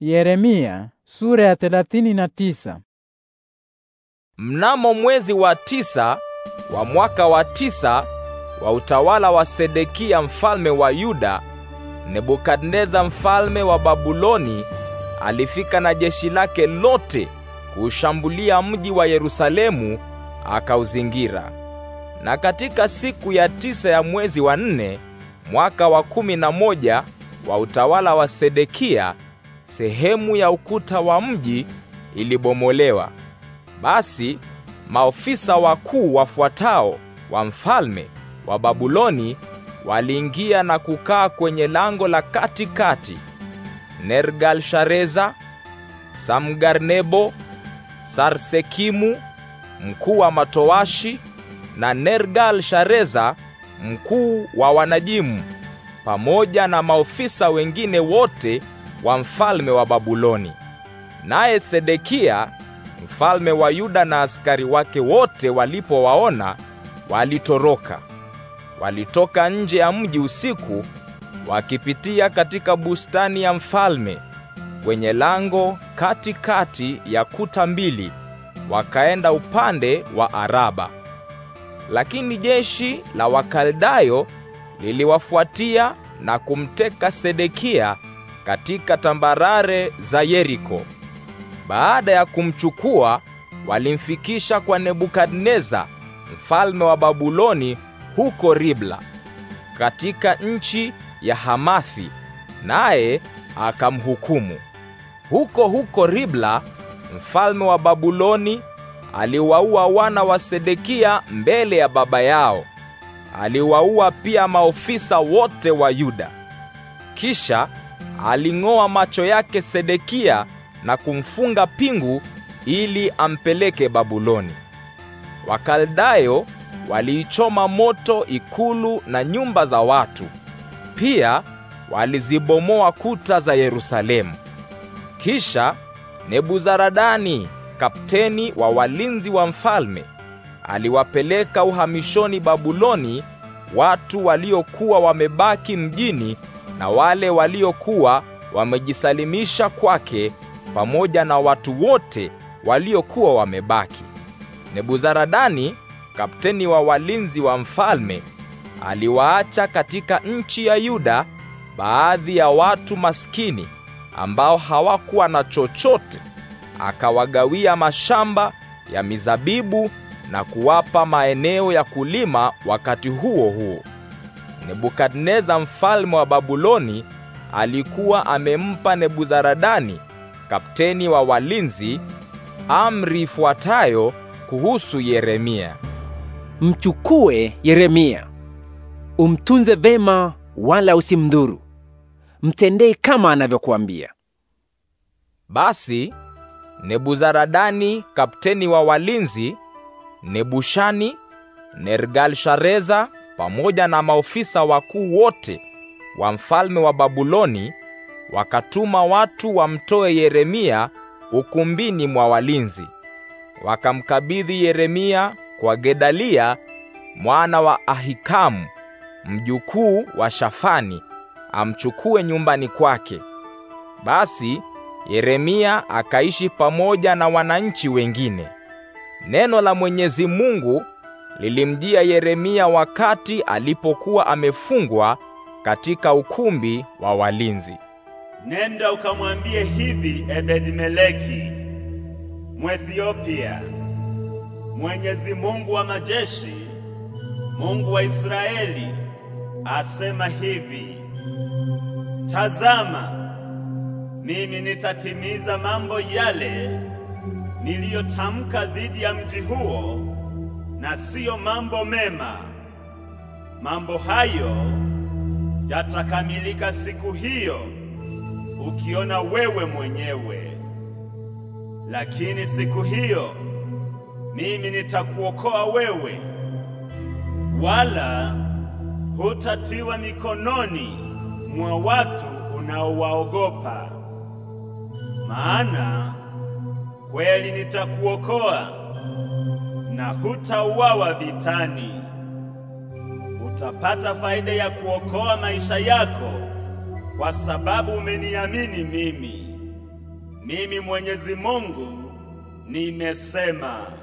Yeremia sura ya na tisa. Mnamo mwezi wa tisa wa mwaka wa tisa wa utawala wa Sedekia mfalme wa Yuda, Nebukadneza mfalme wa Babuloni alifika na jeshi lake lote kuushambulia mji wa Yerusalemu akauzingira. Na katika siku ya tisa ya mwezi wa nne mwaka wa kumi na moja wa utawala wa Sedekia sehemu ya ukuta wa mji ilibomolewa. Basi maofisa wakuu wafuatao wa mfalme wa Babuloni waliingia na kukaa kwenye lango la katikati. Nergal-Shareza, Samgarnebo, Sarsekimu mkuu wa matowashi na Nergal-Shareza mkuu wa wanajimu pamoja na maofisa wengine wote wa mfalme wa Babuloni. Naye Sedekia mfalme wa Yuda na askari wake wote walipowaona, walitoroka. Walitoka nje ya mji usiku, wakipitia katika bustani ya mfalme kwenye lango katikati kati ya kuta mbili, wakaenda upande wa Araba. Lakini jeshi la Wakaldayo liliwafuatia na kumteka Sedekia katika tambarare za Yeriko. Baada ya kumchukua, walimfikisha kwa Nebukadneza mfalme wa Babuloni huko Ribla katika nchi ya Hamathi, naye akamhukumu huko huko Ribla. Mfalme wa Babuloni aliwaua wana wa Sedekia mbele ya baba yao. Aliwaua pia maofisa wote wa Yuda. Kisha aling'oa macho yake Sedekia na kumfunga pingu ili ampeleke Babuloni. Wakaldayo waliichoma moto ikulu na nyumba za watu, pia walizibomoa kuta za Yerusalemu. Kisha Nebuzaradani, kapteni wa walinzi wa mfalme, aliwapeleka uhamishoni Babuloni watu waliokuwa wamebaki mjini na wale waliokuwa wamejisalimisha kwake pamoja na watu wote waliokuwa wamebaki. Nebuzaradani, kapteni wa walinzi wa mfalme, aliwaacha katika nchi ya Yuda baadhi ya watu maskini ambao hawakuwa na chochote, akawagawia mashamba ya mizabibu na kuwapa maeneo ya kulima wakati huo huo. Nebukadneza mfalme wa Babuloni alikuwa amempa Nebuzaradani, kapteni wa walinzi, amri ifuatayo kuhusu Yeremia: Mchukue Yeremia, umtunze vema, wala usimdhuru. Mtendee kama anavyokuambia. Basi Nebuzaradani, kapteni wa walinzi, Nebushani, Nergal-Shareza pamoja na maofisa wakuu wote wa mfalme wa Babuloni wakatuma watu wamtoe Yeremia ukumbini mwa walinzi. Wakamkabidhi Yeremia kwa Gedalia mwana wa Ahikamu mjukuu wa Shafani amchukue nyumbani kwake. Basi Yeremia akaishi pamoja na wananchi wengine. Neno la Mwenyezi Mungu lilimjia Yeremia wakati alipokuwa amefungwa katika ukumbi wa walinzi. Nenda ukamwambie hivi Ebedmeleki Mwethiopia, Mwenyezi Mungu wa majeshi, Mungu wa Israeli asema hivi: Tazama, mimi nitatimiza mambo yale niliyotamka dhidi ya mji huo na siyo mambo mema. Mambo hayo yatakamilika siku hiyo, ukiona wewe mwenyewe. Lakini siku hiyo mimi nitakuokoa wewe, wala hutatiwa mikononi mwa watu unaowaogopa. Maana kweli nitakuokoa na hutauawa vitani. Utapata faida ya kuokoa maisha yako kwa sababu umeniamini mimi. Mimi Mwenyezi Mungu nimesema.